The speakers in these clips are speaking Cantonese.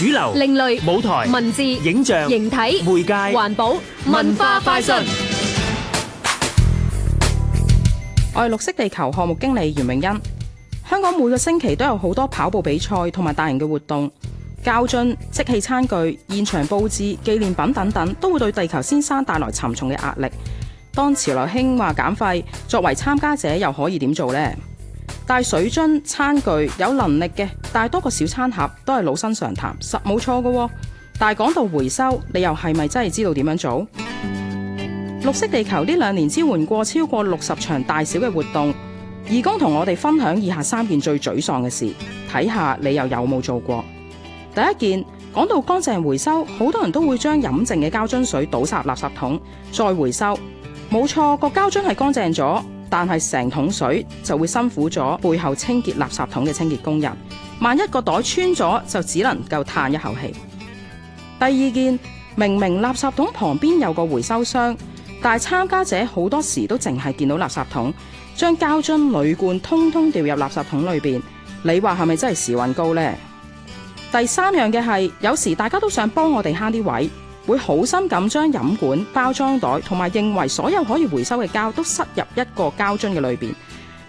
主流、另類舞台、文字、影像、形體、媒介、環保、文化快訊。我係綠色地球項目經理袁永欣。香港每個星期都有好多跑步比賽同埋大型嘅活動，膠樽、即棄餐具、現場布置、紀念品等等，都會對地球先生帶來沉重嘅壓力。當潮流興話減廢，作為參加者又可以點做呢？帶水樽、餐具，有能力嘅帶多個小餐盒都係老生常談，實冇錯㗎喎。但係講到回收，你又係咪真係知道點樣做？ 綠色地球呢兩年支援過超過六十場大小嘅活動，義工同我哋分享以下三件最沮喪嘅事，睇下你又有冇做過。第一件，講到乾淨回收，好多人都會將飲剩嘅膠樽水倒晒垃圾桶再回收，冇錯，個膠樽係乾淨咗。但係成桶水就會辛苦咗背後清潔垃圾桶嘅清潔工人。萬一個袋穿咗，就只能夠嘆一口氣。第二件，明明垃圾桶旁邊有個回收箱，但係參加者好多時都淨係見到垃圾桶，將膠樽鋁罐通通掉入垃圾桶裏邊。你話係咪真係時運高呢？第三樣嘅係，有時大家都想幫我哋慳啲位。會好心咁將飲管、包裝袋同埋認為所有可以回收嘅膠都塞入一個膠樽嘅裏邊，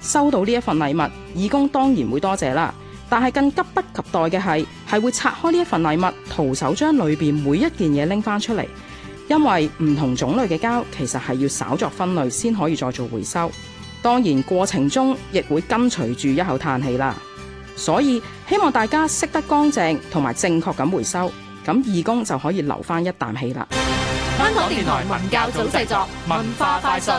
收到呢一份禮物，義工當然會多謝啦。但係更急不及待嘅係，係會拆開呢一份禮物，徒手將裏邊每一件嘢拎翻出嚟，因為唔同種類嘅膠其實係要稍作分類先可以再做回收。當然過程中亦會跟隨住一口嘆氣啦。所以希望大家識得乾淨同埋正確咁回收。咁義工就可以留翻一啖氣啦。香港電台文教組製作文化快訊。